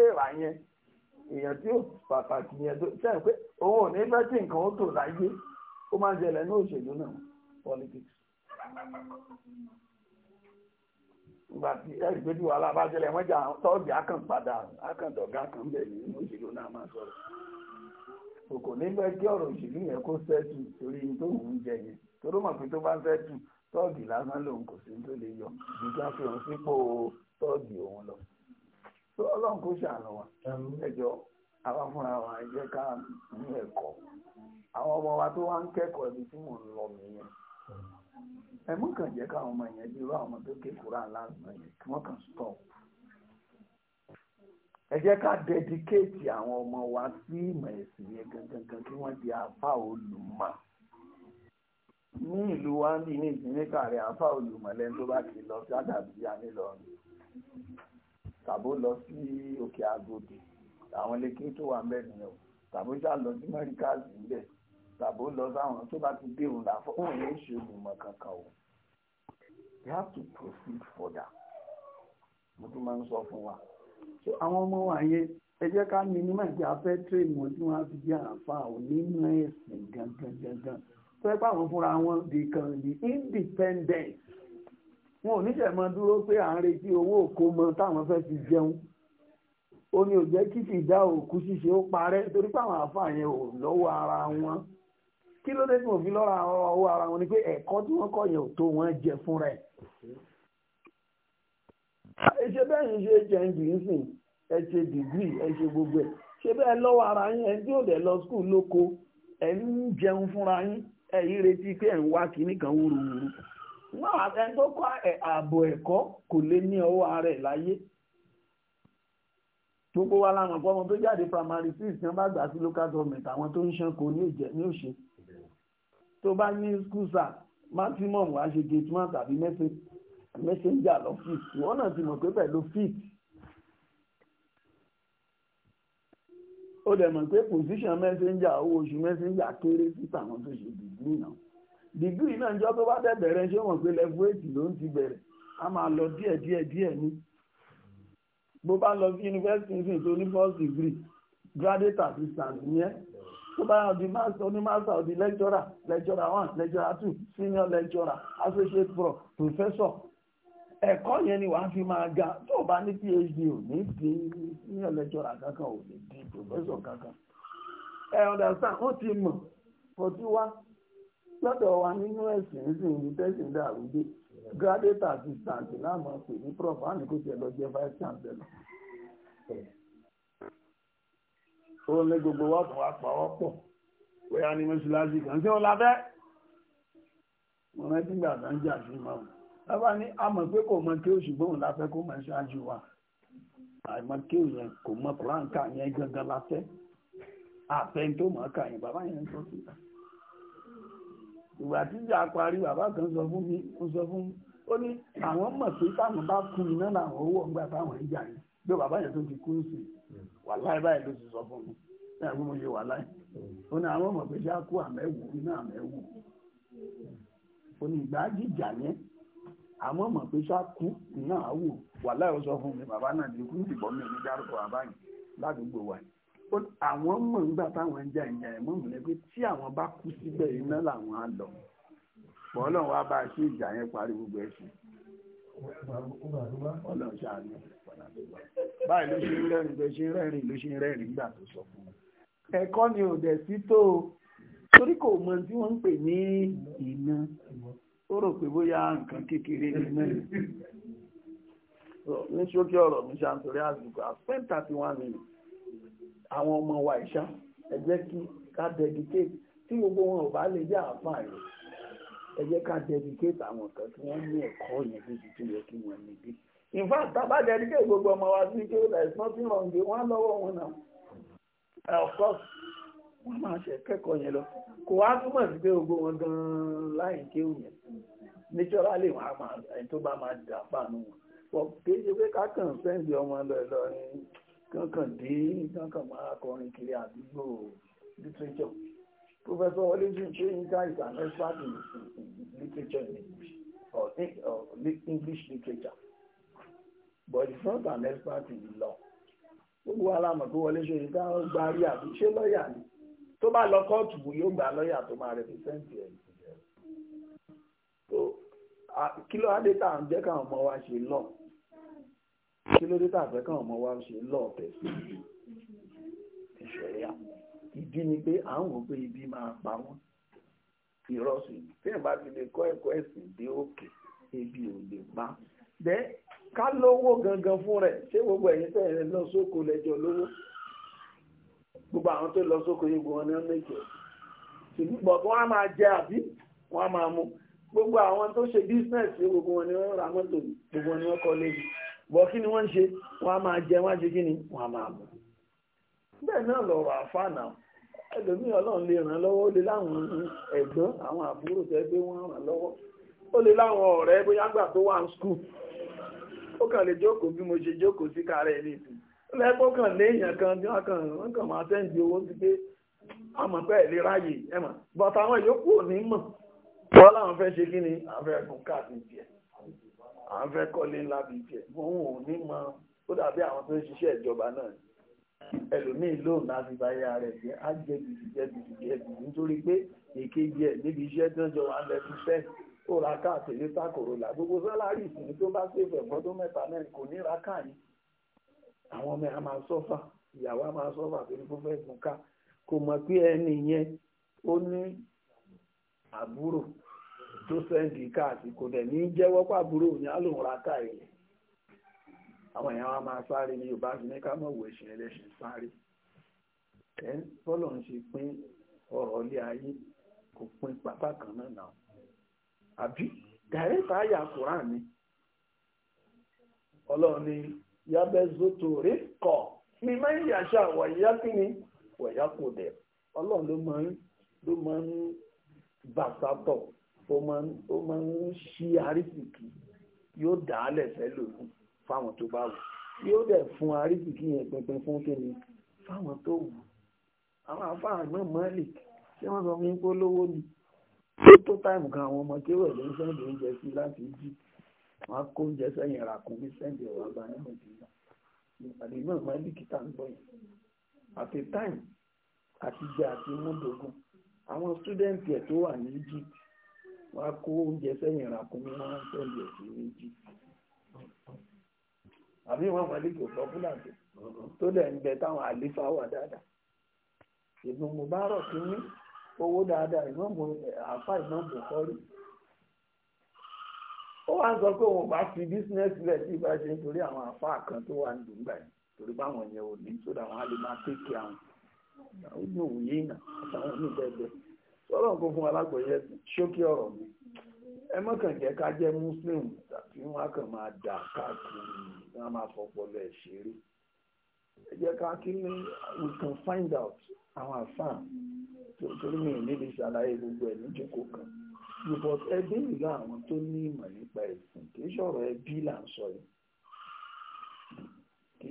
Speaker 1: ìrà yẹn èèyàn tí ó pàtàkì yẹn tó ṣe pé òun ò ní fẹ́ tí nǹkan ó tò láyé ó máa ń jẹlẹ̀ ní òṣèlú náà politics. ìgbà tí ẹ̀rí pé bí wàhálà bá jẹlẹ̀ wọ́n jà tọ́ọ̀gì akàn padà akàn dọ̀gá kan bẹ̀ ní òṣèlú náà máa sọ̀rọ̀. kò kò ní fẹ́ kí ọ̀rọ̀ òṣèlú yẹn kó sẹ́tù torí tó ń jẹ yẹn torí mọ̀ pé tó bá sẹ́tù tọ́ọ̀gì lásán lòun kò sí tó lè yọ ìdí tó ọlọ́run kó ṣàánú wa ẹjọ́ àwa fúnra wa jẹ́ ká ní ẹ̀kọ́ àwọn ọmọ wa tó wá ń kẹ́kọ̀ọ́ ibi tí mò ń lọ nìyẹn ẹmú kàn jẹ́ káwọn ọmọ yẹn bí irú àwọn ọmọ tó kékeré aláàbò yẹn kí wọ́n kàn stop ẹ jẹ́ ká dedicate àwọn ọmọ wa sí ìmọ̀ ẹ̀sìn yẹn gangan kí wọ́n di àfà olùmọ̀ ní ìlú wa ní ìsinmi kàrí àfà olùmọ̀ lẹ́nu tó bá kì í lọ sí àdàbí ànílọrin tàbó lọ sí òkè àgòdì àwọn ilé tó wà ń bẹ̀rù o tàbó já lọ sí mẹ́ríkàsì ńbẹ̀ tàbó lọ sáwọn tó bá ti dé òun làfọ́ òun yóò ṣe olùmọ̀ kankan o we have to proceed further mo tún máa ń sọ fún wa so àwọn ọmọ wa yẹn ẹ jẹ́ ká ní ní màjẹ́ afẹ́ tírèmù tí wọ́n fi jẹ́ àǹfà onímọ̀ ẹ̀sìn gangan gangan pẹ́ pàwọn fúnra wọn they can be independent wọn ò níṣẹ́ mọ dúró pé à ń retí owó òkó mọ táwọn fẹ́ fi jẹun ó ní ò jẹ́ kí fìdá òkú ṣíṣe ó parẹ́ torí pé àwọn àáfàá yẹn ò lọ́wọ́ ara wọn kí ló dé tí mo fi lọ́ra ọwọ́ ara wọn ni pé ẹ̀kọ́ tí wọ́n kọ́ yẹn ò tó wọn jẹ fúnra ẹ̀ ṣe bẹ́ẹ̀ yìí ṣe jẹ́ ǹjì ńsìn ẹ ṣe dìgírì ẹ ṣe gbogbo ẹ̀ ṣe bẹ́ẹ̀ lọ́wọ́ ara yín ẹ̀ tí ò dẹ̀ lọ skul lóko ẹ̀ ń jẹun fúnra yín ẹ̀ yí retí pé ẹ̀ ń wá kinní kan wúruwúru náà ẹni tó kọ́ ààbò ẹ̀kọ́ kò lè ní ọwọ́ ara ẹ̀ láyé gbogbo wa láwọn ọ̀pọ̀ ọmọ tó jáde primary six tí wọ́n bá gbà sí local government àwọn tó ń ṣan kò ní ìjẹ́ ní òṣè tó bá ní school sir maximum wàá ṣe gate man tàbí messenger lọ́fíìsì wọ́n náà ti mọ̀ pé pẹ̀lú fit ó dẹ̀ mọ̀ pé position messenger owó oṣù messenger kéré sí tàwọn tó ṣe degree náà. Degree, náà jọ tó bá dẹ̀ bẹ̀rẹ̀ ṣé wọ́n pé level eight ló ń ti bẹ̀rẹ̀ a máa lọ díẹ̀ díẹ̀ díẹ̀ ní bó bá lọ sí yunifásitì nísìnyí tó ní first degree graduate assistant yẹn tó bá yàn di master oní master the lecturer lecturer one lecturer two senior lecturer associate pro professor ẹ̀kọ́ yẹn ni wàá fi máa ga tó o bá ní phd ò ní di senior lecturer kankan ò ní di professor kankan ẹ understand ó ti mọ̀ kò lọ́dọ̀ wa nínú ẹ̀sìn ìsìn ìlú tẹ́sìn dàrúdé graduate assistant náà mọ̀ pé ní prof àmì kò tiẹ̀ lọ jẹ́ vice chancellor. ó ní gbogbo wa tún wá pawọ́ pọ̀ bóyá ní mọ́ṣáláṣí kan tí ó lábẹ́. mo rántí gbà tán jà sí mọ́ o. bàbá ní a mọ̀ pé kò mọ kí o ṣùgbọ́n òun láfẹ́ kó mọ̀ ṣáájú wa. àìmọ̀ kí o yẹn kò mọ kúráǹkà yẹn gangan láfẹ́. àfẹ́ tó mọ̀ ọ́ yẹn bàbá yẹn ń sọ síta ìgbà tíjà parí bàbá kan sọ fún mi ó sọ fún mi ó ní àwọn mọ̀ pé táwọn bá kú mi náà làwọn owó ọgbà táwọn ń jà yìí bí bàbá yẹn tó ti kú sí wà láì báyìí ló ti sọ fún mi náà gbọ́n mo yẹ wà láì ó ní àwọn mọ̀ pé ṣá kú àmẹ́wò iná àmẹ́wò ó ní ìgbà jíjà yẹn àmọ́ mọ̀ pé ṣá kú iná àwò wà láì ó sọ fún mi bàbá náà ti kú ìbọn mi ní dárúkọ àbáyìí ládùúgbò wa àwọn mọ̀ nígbà táwọn ń jà ìjà ẹ̀mọ́ mọ̀lẹ́ pé tí àwọn bá kú síbẹ̀ iná làwọn á lọ pọ̀ ọlọ́run wá bá a ṣe ìjà yẹn parí gbogbo ẹ̀sìn ọlọ́run ṣàánú báyìí ló ṣe ń rẹ́rìn ló ṣe ń rẹ́rìn ló ṣe ń rẹ́rìn nígbà tó sọ fún un ẹ̀kọ́ ni ò dẹ̀ sí tó torí kò mọ tí wọ́n ń pè ní iná ó rò pé bóyá nǹkan kékeré iná ní ṣókí ọ̀rọ̀ mi ṣàǹtorí àsìkò I spent thirty one minutes àwọn ọmọ wa ìṣá ẹ jẹ́ kí ká dedicate tí gbogbo wọn ò bá lè jẹ́ àáfàá rẹ̀ ẹ ká dedicate àwọn kan tí wọ́n ní ẹ̀kọ́ yẹn níbi tó yẹ kí wọ́n níbi. in fact tábà dedicate gbogbo ọmọ wa sí kí ó dà ìsán sí rọ̀ǹgì wọn lọ́wọ́ wọn náà of course wọ́n máa ṣe kẹ́kọ̀ọ́ yẹn lọ kò wá túmọ̀ sí pé gbogbo wọn gan-an láì kéwù yẹn nítorálì wọn á máa ẹni tó bá máa dà fáànù wọn kò kéṣe pé ká kàn sẹ́ǹdì ọmọ lọ kankan dé kankan máa kọrin kiri àdúgbò literature professor wọlé ju ṣe yínká is an expert in literature in english or english literature but he's not an expert in law gbogbo alámọ̀ tó wọlé ṣe yínká gba rí àbí ṣé lọ́ọ̀yà ni tó bá lọ kóòtù yóò gba lọ́ọ̀yà tó máa rẹpẹsẹ́ǹtì ẹ̀ kí ló wá dé tá à ń jẹ́ káwọn ọmọ wa ṣe lọ́ọ̀ kí ló dé tàbẹ́ kàn ọmọ wa ṣe lọ́ọ̀tẹ̀ sí ìṣẹ̀lẹ̀ ìdí ni pé à ń wò pé ibi máa pa wọ́n ìrọsùn tí ẹ̀ bá ti lè kọ́ ẹ̀kọ́ ẹ̀sìn dé òkè ebi ò lè pa bẹ́ ká lówó gangan fún rẹ̀ ṣé gbogbo ẹ̀yin tẹ̀ ẹ̀ lọ sóko lẹ́jọ́ lówó gbogbo àwọn tó lọ sóko yìí gbọ́n ní ọ̀lẹ́jọ́ ṣùgbọ́n wọ́n á máa jẹ àbí wọ́n á máa mu gbogbo àwọn tó ṣe bísínẹ̀sì gbogbo wọn ni wọ́n ra mọ́tò gbogbo wọn ni wọ́n kọ́ lébi bọ̀ kí ni wọ́n ń ṣe wọ́n á máa jẹ wọ́n á ṣe kí ni wọ́n á máa mú bẹ́ẹ̀ náà lọ̀rọ̀ àfàànà ẹlòmíì ọlọ́run lè ràn lọ́wọ́ ó lè láwọn ẹ̀gbọ́n àwọn àbúrò tẹ́ pé wọ́n ràn lọ́wọ́ ó lè láwọn ọ̀rẹ́ bóyá gbà tó wà ní skul ó kàn lè jókòó bí mo ṣe jókòó sí kárẹ̀ ní ìsìn ó lẹ́ kó kàn léèyàn kan bí wọ́n kàn wọ́n kàn máa sẹ́ǹdì owó sí pé àmọ́ pé ẹ̀ lè ráàyè ẹ̀mọ̀ bọ̀tà àwọn ìyókù ò ní mọ̀ wọ́n láwọn fẹ́ ṣe kí ni àfẹ́ gùn káàdì tiẹ̀ à ń fẹ́ kọ́lé ńlá bíi tiẹ̀ òun ò ní mọ ó dàbí àwọn tó ń ṣiṣẹ́ ìjọba náà ẹlòmíín lóun láti bá yá rẹ̀ jẹ́ á jẹ́ gbèsè jẹ́ gbèsè jẹ́ gbèsè nítorí pé èkejì ẹ̀ níbi iṣẹ́ tó ń jọ wà lẹ́nu iṣẹ́ ó ra káà tèlé sákòròlà gbogbo sálárì ìsinmi tó bá ṣèfẹ̀ fọ́dún mẹ́ta mẹ́rin kò ní ra káà yìí àwọn ọmọ ẹ̀ á máa sọ́fà ìyàwó á máa sọ́fà torí fún fẹ́ẹ́ gùn ká kò mọ̀ pé ẹni yẹn ó ní àbúrò tó sẹ́ǹdì káàsì kò dẹ̀ ní jẹ́wọ́ pàbúrò ní alòǹrata ilẹ̀ àwọn èèyàn wa máa sáré ní yorùbá sí ní ká mọ̀ wò sáré ẹ̀ bọ́lọ̀ ṣe pín ọ̀rọ̀ ilé ayé kò pín pápá kan náà àbí dàrẹ́tà ni kọ̀ ní wọ̀nyá wọ̀nyá kò dẹ̀ ọlọ́run ló máa ń bàtà ó máa ń ṣí àrísìkì yóò dà á lẹ̀sẹ̀ lòun fáwọn tó bá wù yóò dẹ̀ fún àrísìkì yẹn pinpin fún kíni fáwọn tó wù àwọn afáàrùn náà mọ́lì tí wọ́n sọ fún polówó ni tó tó táìmù kan àwọn ọmọ kéwọ̀ ló ń sẹ́ǹdì oúnjẹ sí láti jí wọn á kó oúnjẹ sẹ́yìn ra kún bí sẹ́ǹdì ọ̀rọ̀ àgbà náà ti ìpàdé náà mọ́lì kìtà ń gbọ́ yẹn àti táìmù àti jẹ àti múdògún àwọn sítúdẹ̀ǹtì ẹ̀ tó wà ní Egypt wọ́n á kó oúnjẹ sẹ́yìn mọ́ kó wọ́n á tẹ̀lé méjì àbí wọn mọ̀ lẹ́kọ̀ọ́ tó lẹ̀ ń táwọn àlífà wà dáadáa ìbùn mubarak owó dáadáa ó wá ń sọ pé òun bá fi lẹ̀ nítorí àwọn kan tó wà yìí torí báwọn yẹn ò ní sódà àwọn àwọn sọ́rọ̀ kó fún alágbèyẹ ṣókí ọ̀rọ̀ mi ẹ mọ́kàn jẹ́ ká jẹ́ muslim tàbí wọ́n kàn máa dà káàkiri wọ́n máa fọpọlọ ẹ̀ ṣeré ẹ jẹ́ ká kí ni we can find out àwọn àfáà torí mi níbi gbogbo ẹ̀ níjókòó kan ẹbí àwọn tó ní ìmọ̀ nípa ẹ̀sìn kì í ṣọ̀rọ̀ ẹbí là ń sọ yìí kì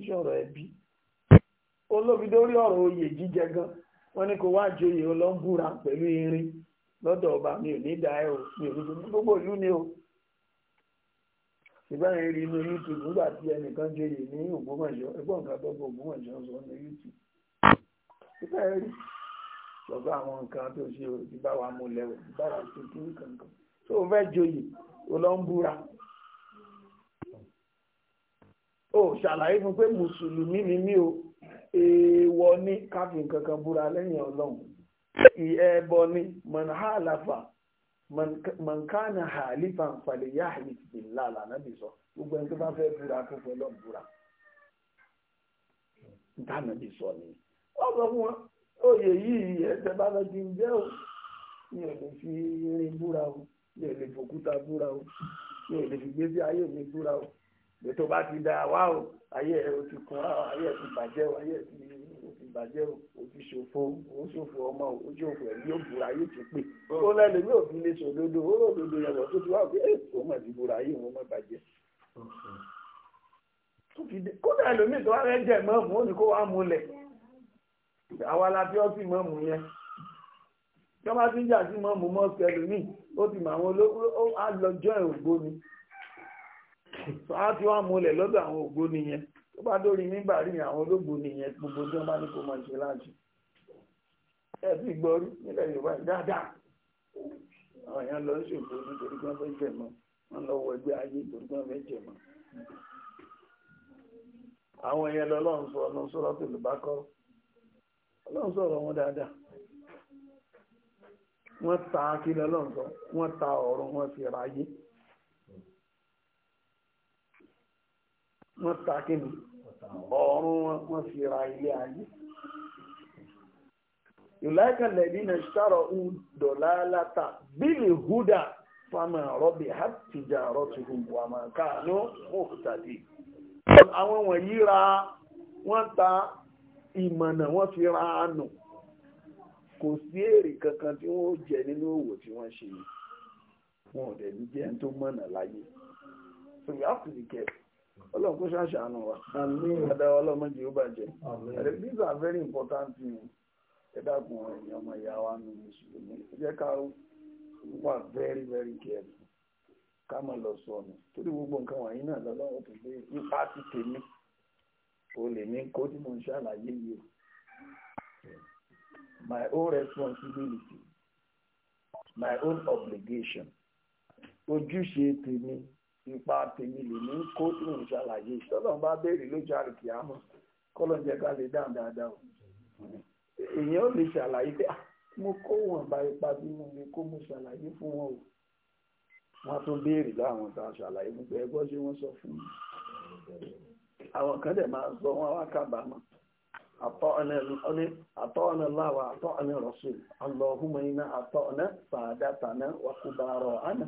Speaker 1: oyè jíjẹ gan wọ́n ní kó wá joyè ọlọ́ngbùra pẹ̀lú irin lọ́dọ̀ ọba mi ò ní da ẹ o mi ò ní tó gbogbo ìlú ni o ṣùgbọ́n ẹ rí inú youtube nígbà tí ẹnìkan joyè ní ògbómọ̀ṣọ́ ẹgbọ́n nǹkan gbọ́gbọ́ ògbómọ̀ṣọ́ sọ ní youtube ṣùgbọ́n ẹ rí ṣọ̀gbọ́n àwọn nǹkan tó ṣe o ti bá wa mú lẹ́wọ̀ ti bá wa ṣe kí kankan tó o fẹ́ joyè ọlọ́ngbùra o ṣàlàyé fún pé mùsùlùmí ni mí o. èèwọ̀ ní káfí nǹkan kan lẹ́yìn ọlọ́run ẹ̀ẹ́bọ ní mọ̀nàhálàfà mọ̀nkánà hàlífà nfàlẹ̀ yá àlìfì bìlá lànàbì sọ gbogbo ẹni tó bá fẹ́ búra tó lọ búra ntànàbì sọ ni wọ́n sọ fún wọn oyè yìí bá lọ o mi ò lè fi irin búra o mi ò lè fòkúta búra o mi ò lè fi gbé sí ayé mi o. ètò bá ti da wá o ayé ẹ o ti kun ọ ayé ẹ ti bàjẹ́ o ayé ẹ ti ti bàjẹ́ o o ti ṣòfò o ṣòfò ọmọ o o ṣòfò ẹ̀mí yóò bùra ayé ti pè oh. ó lẹ́nu yóò fi lè ṣòdodo o lòdodo yẹn tó ti wá pé ẹ o mọ̀ ti bùra ayé o mọ̀ bàjẹ́. Oh. kódà ẹlòmíì tó wá rẹ jẹ mọ́ọ̀mù ó ní kó wá múlẹ̀ àwa la fi ọtí mọ́ọ̀mù yẹn tí wọ́n bá ti ń jà sí mọ́ọ̀mù mọ́ọ̀sì ẹlòmíì ó ti mọ àwọn olóko á lọ jọ́ ẹ̀ ògbóni sọ á ti wá múlẹ̀ lọ́dọ̀ àwọn ògbó nìyẹn tó bá dórí mímbà rí àwọn olóògbó nìyẹn gbogbo tí wọ́n bá ní kó mọ̀ ṣe láti ẹ ti gbọ́ rí nílẹ̀ Yorùbá dáadáa àwọn èèyàn lọ ṣòfò nítorí pé wọ́n fẹ́ jẹ̀mọ́ wọ́n lọ wọ ẹgbẹ́ ayé nítorí pé wọ́n fẹ́ jẹ̀mọ́ àwọn èèyàn lọ lọ́n sọ ọ̀nà sọ́rọ́ tó lè bá kọ́ ọlọ́run sọ̀rọ̀ wọn dáadáa wọ́n ta kí lọ́lọ́run sọ wọ́n ta ọ̀run wọ́n fi ráyé. wọ́n ta kíni ọ̀run wọ́n fi ra ilé ayé ìlàkà lẹ́bí na ṣàrọ̀ ń dọ̀lá látà bílì húdà fama rọ́bì hàtìjà rọ́tùkù wà máa káàánú mọ́kútàdì àwọn wọ̀nyí ra wọ́n ta ìmọ̀nà wọ́n fi ra àánú kò sí èrè kankan tí wọ́n jẹ nínú òwò tí wọ́n ṣe wọn ò dẹ̀ ní jẹ́ tó mọ̀nà láyé so you have to be careful ọlọ́run kó ṣàṣàánú wa adáwọ̀ ọlọ́mọdé ó bàjẹ́ these are very important things ẹ dákun ẹ̀yìn ọmọ ìyá wa nù mùsùlùmí ẹ jẹ́ ká wà very very careful ká má lọ sọnù torí gbogbo nǹkan wọ̀nyí náà lọ́lọ́run tó gbé ipa ti tèmi o lè ní kó tí mo ń ṣàlàyé yìí my own responsibility my own obligation ojúṣe tèmi ipa tèmi lè ní kó tí mò ń ṣàlàyé tọ́lọ́ bá béèrè lójú àrùkì àmọ́ kọ́lọ́ jẹ́ ká lè dáhùn dáadáa o èèyàn ò lè ṣàlàyé pé mo kó wọn bá ipa bí mo lè kó mo ṣàlàyé fún wọn o wọn tún béèrè láwọn tá a ṣàlàyé fún pé ẹgbọ́n ṣé wọ́n sọ fún mi àwọn kan dẹ̀ máa sọ wọn wá atọ àtọ́ọ̀nà láwa iná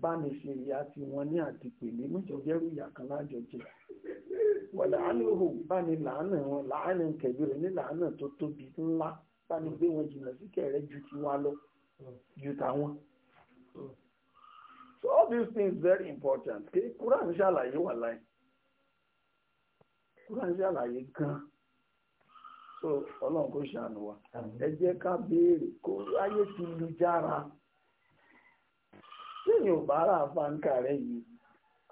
Speaker 1: bá ní ṣe ìyá tí wọ́n ní àdìpè ní níjọ́gẹ́rù ìyá kan lájọjẹ́ wọ̀lẹ̀ ánìhò bá ní làánà wọn làánà kẹ̀lú ní làánà tó tóbi ńlá bá gbé wọn jìnnà sí kẹrẹ ju ti lọ ju tàwọn. so all these things very important kí Quran ṣàlàyé wà láì Quran ṣàlàyé gan so ọlọ́run kò ṣàánú wa ẹ jẹ́ ká béèrè kó ayé ti lu jára. tí èyàn ò bá rà àfa ń kà rẹ̀ yìí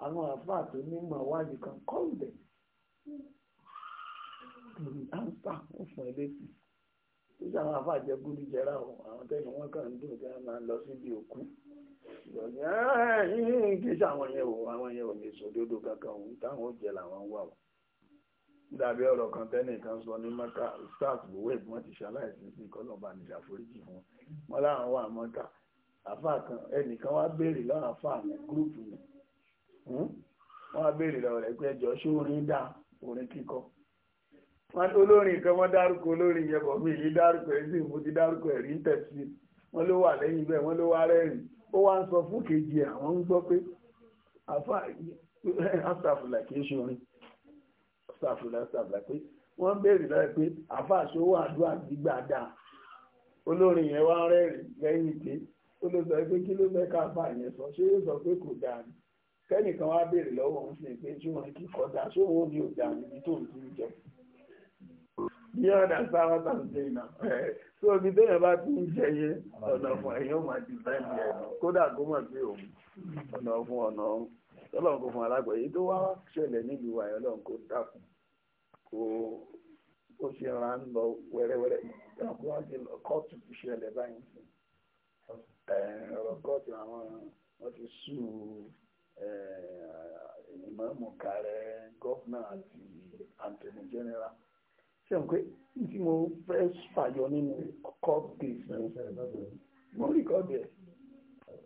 Speaker 1: àwọn àfa tó nímọ̀ wádìí kan kọ́ ìbẹ̀ lórí áńsà ó fún ẹ létí tó sì àwọn àfa jẹ gúdú jẹrà o àwọn tẹ́lẹ̀ wọn kàn ń dùn tí wọ́n máa lọ síbi òkú ìrọ̀lẹ́ ẹ̀ẹ́n kí sí àwọn yẹn o àwọn yẹn ò lè sọ òdodo kankan òun táwọn ò jẹ làwọn wà o dàbí ọ̀rọ̀ kan tẹ́nì kan sọ ní mọ́ta stars lówó ìbọn ti ṣaláìsí sí kọ́lọ́ọ̀bá nìṣàforíjì fún wọn láwọn wà mọ́ta àfà kan ẹnìkan wá béèrè lọ́wọ́ àfà yẹn gúrúùpù yẹn hmm? wọ́n wá béèrè lọ́wọ́ rẹ̀ pé ẹjọ́ ṣé orin dá orin kíkọ olórin kan wọ́n dárúkọ olórin yẹn bọ̀ mí ìlú dárúkọ ẹ̀ mo ti dárúkọ ẹ̀rí ń tẹ̀sí wọ́n ló wà lẹ́yìn bẹ́ẹ̀ wọ́n ló wá rẹ́rìn ó wá ń sọ fún kejì àwọn ń gbọ́ pé àfà àṣàfùlà kì í ṣe orin pé wọ́n béèrè lọ́wọ́ pé ṣó ó ló sọ pé kí ló fẹ́ ká bá yẹn sọ ṣé yóò sọ pé kò dáa ni kẹ́nìkan wá béèrè lọ́wọ́ òun sì pé tí òun kíkọ́ dá ṣé òun ní ò dáa níbi tó ń tún jẹ bí ọ̀dà sáwọ́ tà ń jẹ iná eh, tí omi téèyàn bá ti ń jẹ yé ọ̀nà fún ẹ̀yìn ọmọ àti ìsáìmù ẹ̀ kódà kó mọ̀ sí òun ọ̀nà fún ọ̀nà ọ̀hún kò fún alágbọ̀ èyí tó wá ṣẹlẹ̀ nílùú wa ọlọ́run kò dákun kò ó ṣe ra ń lọ wẹ́rẹ́wẹ́rẹ́ ọkùnrin lọ kóòtù ṣẹlẹ̀ báyìí ọ̀rọ̀ eh, kóòtù àwọn wọ́n ti sùn eh, ìmọ̀ọ́mù kààrẹ gọ́fúnà àti àtẹ̀mù jẹ́nẹ́ra ṣe n pé tí mo fẹ́ fàyọ nínú kọ́ọ̀tì mo rí kọ́ọ̀tì ẹ̀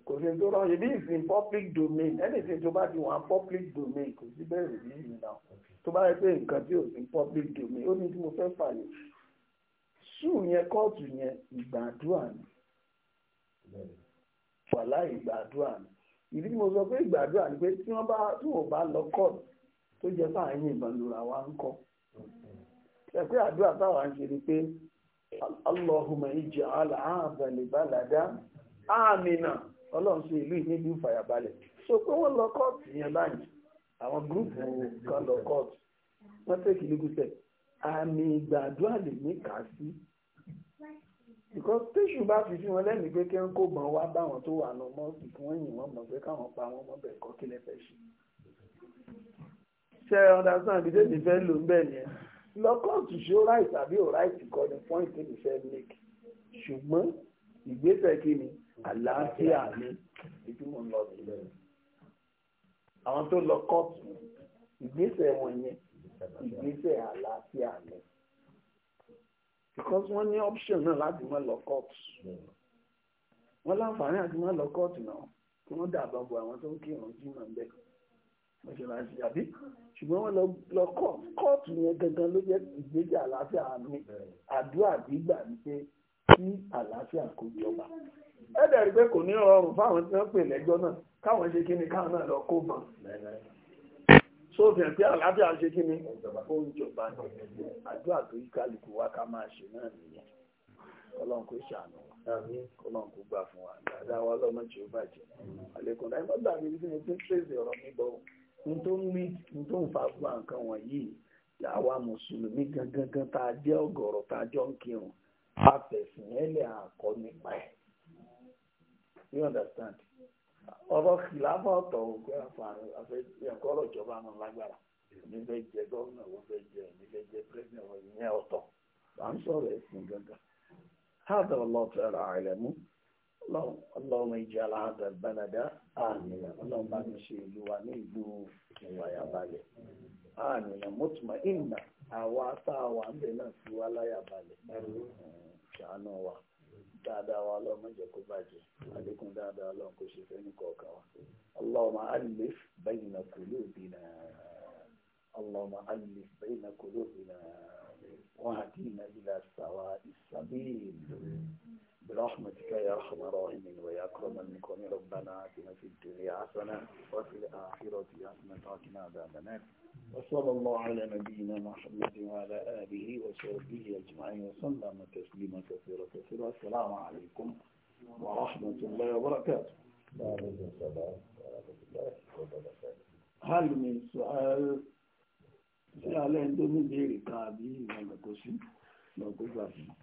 Speaker 1: kò sí tó rán ibi ìsìn public domain anything tó bá ti wà public domain kò sí bẹ́ẹ̀ rí yìí náà tó bá yẹ pé nǹkan tí ò sí public domain ó ní tí mo fẹ́ fàyọ sùn yẹn kóòtù yẹn ìgbàdúrà ni wàhálà ìgbàdúrà ni ìdí tí mo sọ pé ìgbàdúrà ni pé tí wọ́n bá tí wọ́n bá lọ kọ́ọ̀tù tó jẹ́ fáàyàn ìbọn lura wa ń kọ ṣe pé àdúrà táwa ń ṣe ni pé amina ọlọ́run ṣe ìlú ìní ìlú lọ yẹn báyìí àwọn kan lọ wọ́n tẹ̀kì àmì ìgbàdúrà lè ní kà because tíṣù bá fi sí wọn lẹ́nu pé kí wọ́n kó bọ̀ wá báwọn tó wà lọ mọ́ọ̀sì kí wọ́n yìn wọ́n mọ̀ pé káwọn pa wọn mọ́ bẹ̀ẹ̀ kọ́ kí lẹ fẹ́ ṣe. ṣé ọ̀dàsán àbídé mi fẹ́ lò ń bẹ̀ yẹn lọ́kọ̀ọ̀tù ṣó ráì tàbí ò ráì tì kọ́ ni point mi fẹ́ make ṣùgbọ́n ìgbésẹ̀ kí ni àlàáfíà ni ìtumọ̀ ń lọ sílẹ̀. àwọn tó lọ kọ́ọ̀tù ìgbésẹ̀ wọn yẹn ìgbésẹ̀ àlàáfíà ni because wọ́n ní option náà láti mọ́ lọ court wọ́n láǹfààní àti mọ́ lọ court náà kí wọ́n dà bàbọ̀ àwọn tó ń kírun jí mọ̀ bẹ́ẹ̀ mọ̀ṣáláṣí àbí ṣùgbọ́n wọ́n lọ court court yẹn gangan ló jẹ́ ìgbéjà àlàáfíà àmì àdúrà gbígbà wípé kí àlàáfíà kò jọba ẹ̀dẹ̀ rí pé kò ní rọrùn fáwọn tí wọ́n pè lẹ́jọ́ náà káwọn ṣe kí ni káwọn náà lọ kó bọ̀ sófin ẹ̀pẹ́ àlàáfíà ṣe kí ni ó ń jọba ní àdúrà tó yí kálukú wa ká máa ṣe náà nìyẹn ọlọ́run kò ṣàánú wa ọlọ́run kò gbà fún wa dáadáa wa ọlọ́mọ tí ó bàjẹ́ àlékún náà ẹgbọ́n gbàgbé bí mo ti ń pèsè ọ̀rọ̀ mi bọ̀ ohun tó ń mí ohun tó ń fa fún nǹkan wọ̀nyí àwa mùsùlùmí gangan gan tá a jẹ́ ọ̀gọ̀rọ̀ tá a jọ ń kírun a fẹ̀sìn ẹlẹ́ àkọ́ nípa ẹ̀ you understand ọrọ kìláfà ọ̀tọ̀ òkú àfààní ẹ̀kọ́ ọ̀rọ̀ ìjọba náà lágbára èmi fẹ́ jẹ gómìnà wọ́n fẹ́ jẹ èmi fẹ́ jẹ pírẹ́sìdẹ̀ntì wọ́n ìyẹn ọ̀tọ̀ là ń sọ̀rọ̀ ẹ̀sìn gangan hádà ọlọ́ọ̀tọ̀ ẹ̀rọ àìlẹ̀mú ọlọ́run ìjà aláhàdà bẹ́nàdá bá mi ṣe ìlú wa ní ìlú ìnà àwa a ń bẹ̀ náà ṣàánú wa. dáadáa wa ọlọ́run má jẹ́ kó bàjẹ́ àlékún dáadáa ọlọ́run kó ṣe fẹ́ni kọ̀ọ̀kan wa Allahumma alif bayna qulubina Allahumma alif bayna qulubina واهدينا إلى سواء السبيل برحمتك يا أرحم الراحمين ويا أكرم المكرمين ربنا آتنا في الدنيا حسنة وفي الآخرة حسنة وقنا عذاب النار وصلى الله على نبينا محمد وعلى آله وصحبه أجمعين وسلم تسليما كثيرا كثيرا السلام عليكم ورحمة الله وبركاته هل من سؤال سؤال عندهم غير قابل ولا كسي